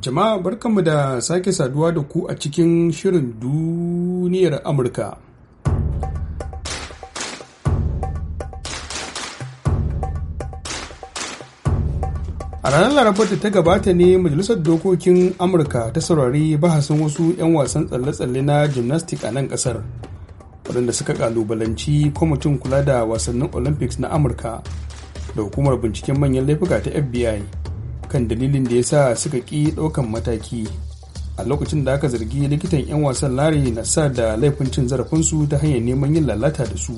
Jama'a barkanmu da sake saduwa da ku a cikin shirin duniyar Amurka. A ranar Larabar da ta gabata ne Majalisar Dokokin Amurka ta saurari bahasin wasu 'yan wasan tsalle-tsalle na gymnastic a nan kasar, waɗanda suka kalubalanci kwamitin kula da wasannin Olympics na Amurka da hukumar binciken manyan laifuka ta FBI. kan dalilin da ya sa suka ƙi ɗaukan mataki a lokacin da aka zargi likitan 'yan wasan lari na sa da laifin cin zarafinsu ta hanyar neman yin lalata da su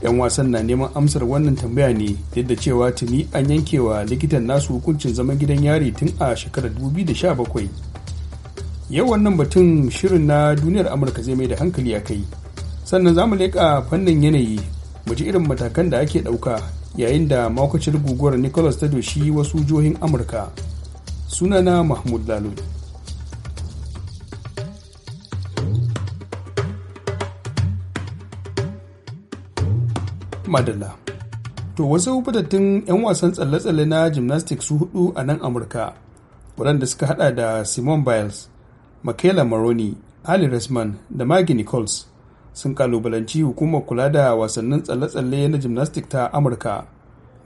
'yan wasan na neman amsar wannan tambaya ne duk da cewa tuni an yankewa likitan nasu hukuncin zaman gidan yari tun a shekarar 2017 yau wannan batun shirin na duniyar amurka zai mai da hankali a kai sannan za mu leƙa fannin yanayi mu ji irin matakan da ake ɗauka yayin da makwacin guguwar nicholas ta doshi wasu jihohin amurka sunana mahmud lalu madalla to wasu fitattun 'yan wasan tsalle-tsalle na gymnastics su hudu a nan amurka waɗanda suka hada da simon biles michaela maroni ali resman da maggie nichols sun kalubalanci hukumar kula da wasannin tsalle-tsalle na gymnastic ta amurka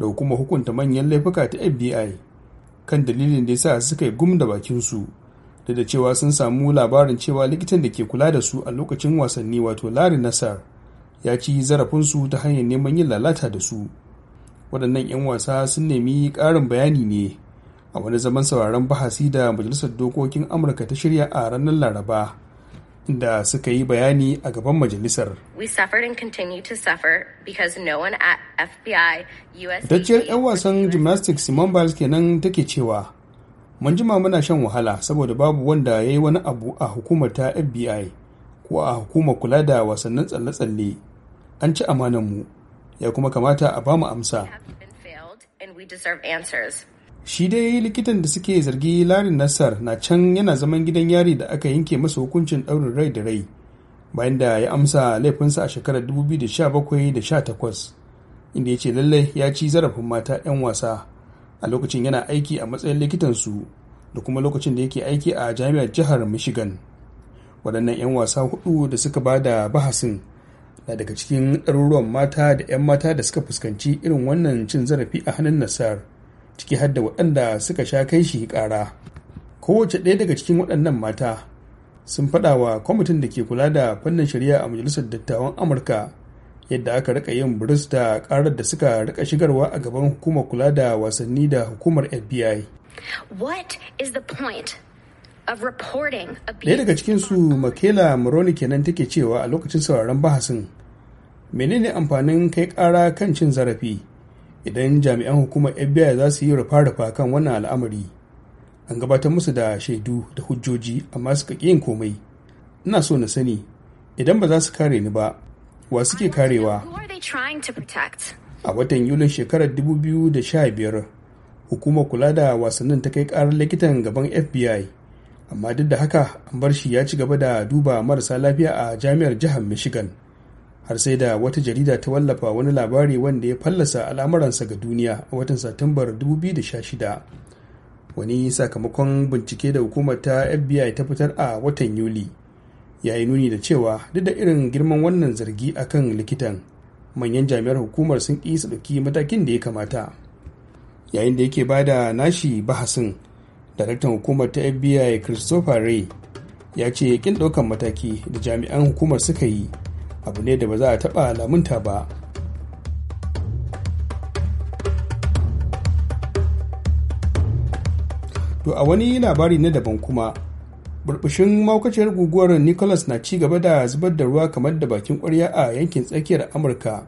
da hukumar hukunta manyan laifuka ta fbi kan dalilin da ya sa suka yi gum da bakinsu da da cewa sun samu labarin cewa likitan da ke kula da su a lokacin wasanni wato lari nasar ya ci zarafinsu ta hanyar neman yin lalata da su waɗannan 'yan wasa sun nemi ƙarin bayani ne a wani zaman sauraron bahasi da majalisar dokokin amurka ta shirya a ranar laraba da suka yi bayani a gaban majalisar. Dacciyar 'yan wasan gymnastics Simon Biles kenan take cewa, Mun jima muna shan wahala saboda babu wanda ya yi wani abu a hukumar ta FBI ko a hukumar kula da wasannin tsalle-tsalle. An ci mu ya kuma kamata a bamu amsa. shi dai likitan da suke zargi larin nassar na can yana zaman gidan yari da aka yanke masa hukuncin ɗaurin rai da rai bayan da ya amsa laifinsa a shekarar 2017 da 18 inda ya ce lallai ya ci zarafin mata 'yan wasa a lokacin yana aiki a matsayin likitansu da kuma lokacin da yake aiki a jami'ar jihar michigan waɗannan 'yan wasa hudu da suka ba da bahasin na daga cikin ɗaruruwan mata da 'yan mata da suka fuskanci irin wannan cin zarafi a hannun nasar ciki har da waɗanda suka sha kai shi ƙara kowace ɗaya daga cikin waɗannan mata sun faɗa wa kwamitin da ke kula da fannin shari'a a majalisar dattawan amurka yadda aka rika yin biris da ƙarar da suka rika shigarwa a gaban hukumar kula da wasanni da hukumar fbi ɗaya daga cikinsu Makela Moroni kenan take cewa a lokacin sauraron bahasin menene amfanin kai ƙara kan cin zarafi idan jami'an hukumar fbi za su yi rufa-rufa kan wannan al'amari an gabatar musu da shaidu da hujjoji amma suka ƙi yin komai ina so na sani idan ba za su kare ni ba wa suke karewa a watan yulin shekarar 2015 hukumar kula da wasannin ta kai karar likitan gaban fbi amma duk da haka an bar shi ya ci gaba da duba marasa lafiya a jami'ar jihar michigan har sai da wata jarida ta wallafa wani labari wanda ya fallasa al'amuransa ga duniya a watan satumbar 2016 wani sakamakon bincike da hukumar ta fbi ta fitar a watan yuli ya yi nuni da cewa duk da irin girman wannan zargi akan likitan manyan jami'ar hukumar sun ƙi su ɗauki matakin da ya kamata yayin da yake bada nashi bahasin daraktan hukumar ta fbi christopher ray ya ce ƙin ɗaukan mataki da jami'an hukumar suka yi abu ne da ba za a taɓa lamunta ba to a wani labari na daban kuma burbushin maukaciyar guguwar nicholas na ci gaba da zubar da ruwa kamar da bakin kwarya a yankin tsakiyar amurka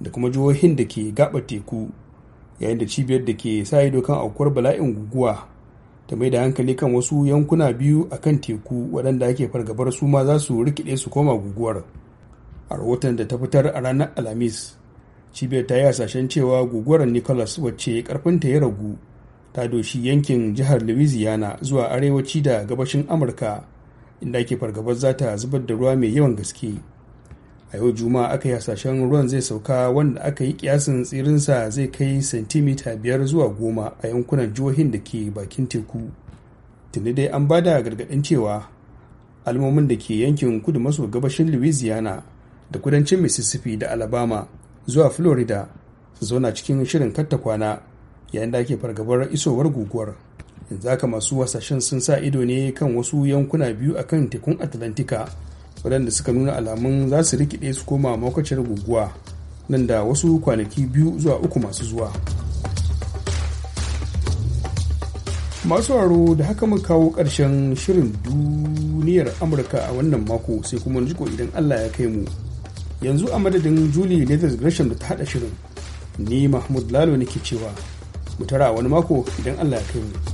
da kuma jihohin da ke gaba teku yayin da cibiyar da ke sa ido kan aukuwar bala'in guguwa ta mai da hankali kan wasu yankuna biyu a kan teku waɗanda ake fargabar su ma za su rikide su koma guguwar a rahoton da ta fitar a ranar alhamis cibiyar ta yi hasashen cewa guguwar nicholas wacce karfinta ya ragu ta doshi yankin jihar louisiana zuwa arewaci da gabashin amurka inda ake fargabar za ta zubar da ruwa mai yawan gaske a yau juma'a aka yi hasashen ruwan zai sauka wanda aka yi kiyasin tsirinsa zai kai santimita biyar zuwa goma a yankunan jihohin da ke bakin teku tuni dai an bada gargaɗin cewa almomin da ke yankin kudu maso gabashin louisiana da kudancin mississippi da alabama zuwa florida su zauna cikin shirin katta kwana yayin da ake fargabar isowar guguwar yanzu haka masu wasashen sun sa ido ne kan wasu yankuna biyu a kan tekun atlantika waɗanda suka nuna alamun za su rikide su koma makwacin guguwa nan da wasu kwanaki biyu zuwa uku masu zuwa masu haro da haka mu kawo ƙarshen shirin duniyar amurka a wannan mako sai kuma jiko idan allah ya kai mu yanzu a madadin julie da gresham da ta hada shirin ni mahmud lalo nake cewa mu tara wani mako idan allah ya kai mu